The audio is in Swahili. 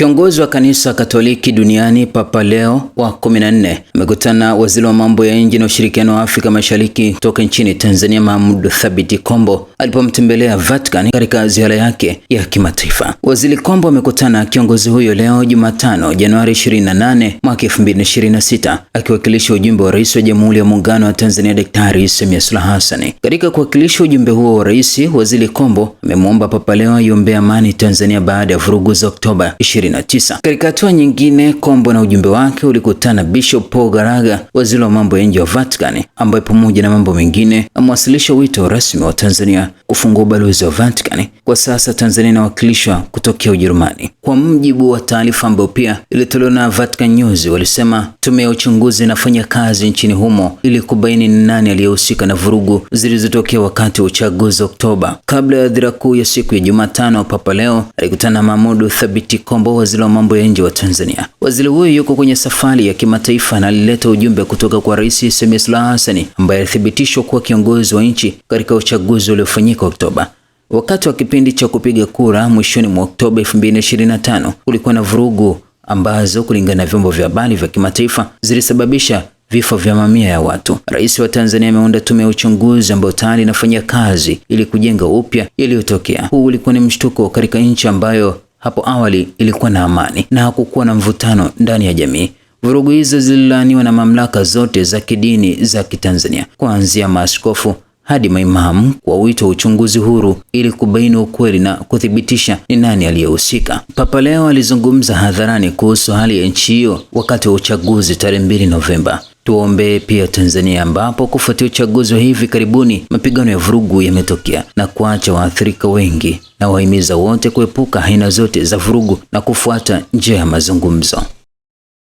Kiongozi wa kanisa Katoliki duniani Papa Leo wa 14 amekutana waziri wa mambo ya nje na ushirikiano wa Afrika Mashariki kutoka nchini Tanzania Mahmud Thabiti Kombo alipomtembelea Vatican katika ziara yake ya kimataifa. Waziri Kombo amekutana na kiongozi huyo leo Jumatano Januari 28 mwaka 2026 akiwakilisha ujumbe wa Rais wa Jamhuri ya Muungano wa Tanzania Daktari Samia Suluhu Hassan. Katika kuwakilisha ujumbe huo wa rais, Waziri Kombo amemwomba Papa Leo aiombee amani Tanzania baada ya vurugu za Oktoba 29. Katika hatua nyingine, Kombo na ujumbe wake ulikutana Bishop Paul Garaga, waziri wa mambo ya nje wa Vatican, ambaye pamoja na mambo mengine amewasilisha wito rasmi wa Tanzania kufungua ubalozi wa Vatican. Kwa sasa Tanzania inawakilishwa kutokea Ujerumani. Kwa mjibu wa taarifa ambayo pia ilitolewa na Vatican News, walisema tume ya uchunguzi inafanya kazi nchini humo ili kubaini ni nani aliyehusika na vurugu zilizotokea wakati wa uchaguzi Oktoba. Kabla ya adhira kuu ya siku ya Jumatano, Papa Leo alikutana na Mahmoud Thabiti Kombo, waziri wa mambo ya nje wa Tanzania. Waziri huyo yuko kwenye safari ya kimataifa na alileta ujumbe kutoka kwa Rais Samia Suluhu Hassan ambaye alithibitishwa kuwa kiongozi wa nchi katika uchaguzi uliofanyika kufanyika Oktoba. Wakati wa kipindi cha kupiga kura mwishoni mwa Oktoba 2025 kulikuwa na vurugu ambazo kulingana na vyombo vya habari vya kimataifa zilisababisha vifo vya mamia ya watu. Rais wa Tanzania ameunda tume ya uchunguzi ambayo tayari inafanya kazi ili kujenga upya yaliyotokea. Huu ulikuwa ni mshtuko katika nchi ambayo hapo awali ilikuwa na amani na hakukuwa na mvutano ndani ya jamii. Vurugu hizo zililaaniwa na mamlaka zote za kidini za Kitanzania kuanzia maaskofu hadi maimamu kwa wito wa uchunguzi huru ili kubaini ukweli na kuthibitisha ni nani aliyehusika. Papa Leo alizungumza hadharani kuhusu hali ya nchi hiyo wakati wa uchaguzi tarehe mbili Novemba. Tuombee pia Tanzania ambapo kufuatia uchaguzi wa hivi karibuni mapigano ya vurugu yametokea na kuacha waathirika wengi, na wahimiza wote kuepuka aina zote za vurugu na kufuata njia ya mazungumzo.